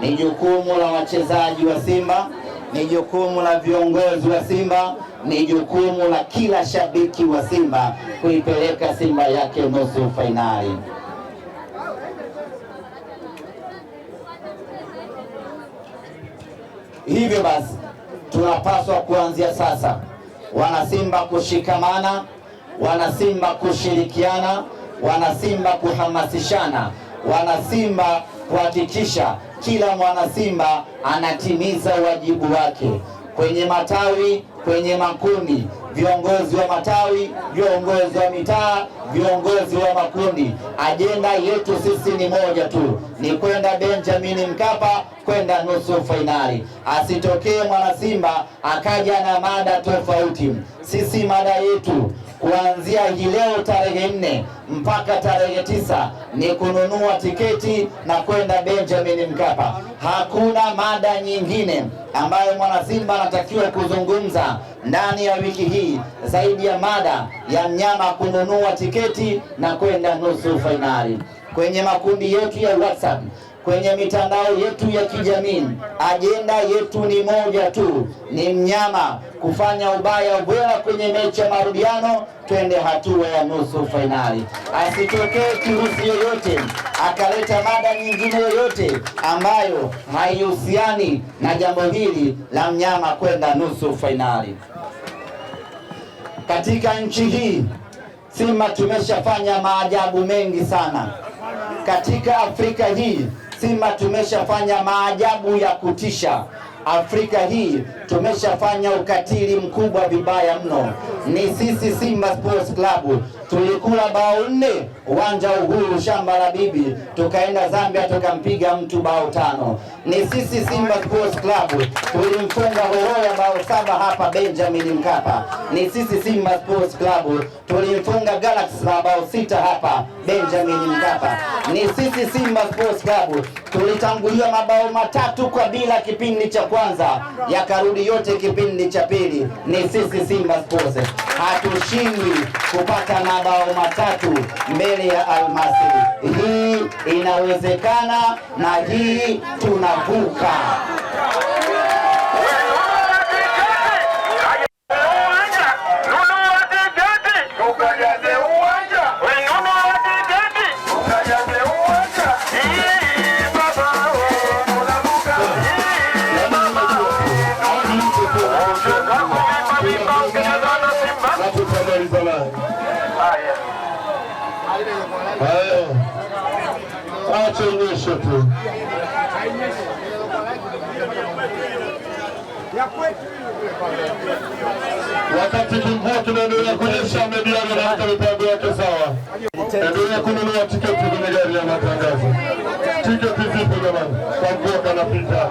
ni jukumu la wachezaji wa Simba, ni jukumu la viongozi wa Simba, ni jukumu la kila shabiki wa Simba kuipeleka Simba yake nusu fainali. Hivyo basi tunapaswa kuanzia sasa wanasimba kushikamana, wanasimba kushirikiana, wanasimba kuhamasishana, wanasimba kuhakikisha kila mwanasimba anatimiza wajibu wake kwenye matawi, kwenye makundi, viongozi wa matawi, viongozi wa mitaa, viongozi wa makundi. Ajenda yetu sisi ni moja tu, ni kwenda Benjamin Mkapa kwenda nusu fainali. Asitokee mwanasimba akaja na mada tofauti. Sisi mada yetu kuanzia hii leo tarehe nne mpaka tarehe tisa ni kununua tiketi na kwenda Benjamin Mkapa. Hakuna mada nyingine ambayo mwana Simba anatakiwa kuzungumza ndani ya wiki hii zaidi ya mada ya mnyama kununua tiketi na kwenda nusu fainali kwenye makundi yetu ya WhatsApp, kwenye mitandao yetu ya kijamii. Ajenda yetu ni moja tu, ni mnyama kufanya ubaya bwela kwenye mechi ya marudiano, twende hatua ya nusu fainali. Asitokee kirusi yoyote akaleta mada nyingine yoyote ambayo haihusiani na jambo hili la mnyama kwenda nusu fainali. Katika nchi hii Simba tumeshafanya maajabu mengi sana katika Afrika hii Simba tumeshafanya maajabu ya kutisha. Afrika hii tumeshafanya ukatili mkubwa vibaya mno. Ni sisi Simba Sports Club tulikula bao nne uwanja Uhuru, shamba la bibi, tukaenda Zambia tukampiga mtu bao tano. Ni sisi Simba Sports Club tulimfunga Horoya bao saba hapa Benjamin Mkapa. Ni sisi Simba Sports Club tulimfunga Galaxy la bao sita hapa Benjamin Mkapa. Ni sisi Simba Sports Club tulitanguliwa mabao matatu kwa bila kipindi cha kwanza yakarudi yote kipindi cha pili. Ni sisi Simba Sports, hatushindwi kupata mabao matatu mbele ya Almasiri. Hii inawezekana na hii tunavuka. Kwa hiyo wacha tu wakati kimvua kinaendelea kunyesha, amediana naweka mipango yake sawa. Endelea kununua tiketi kwenye gari ya matangazo. Tiketi zipo jamani, kwa mvua kanapita.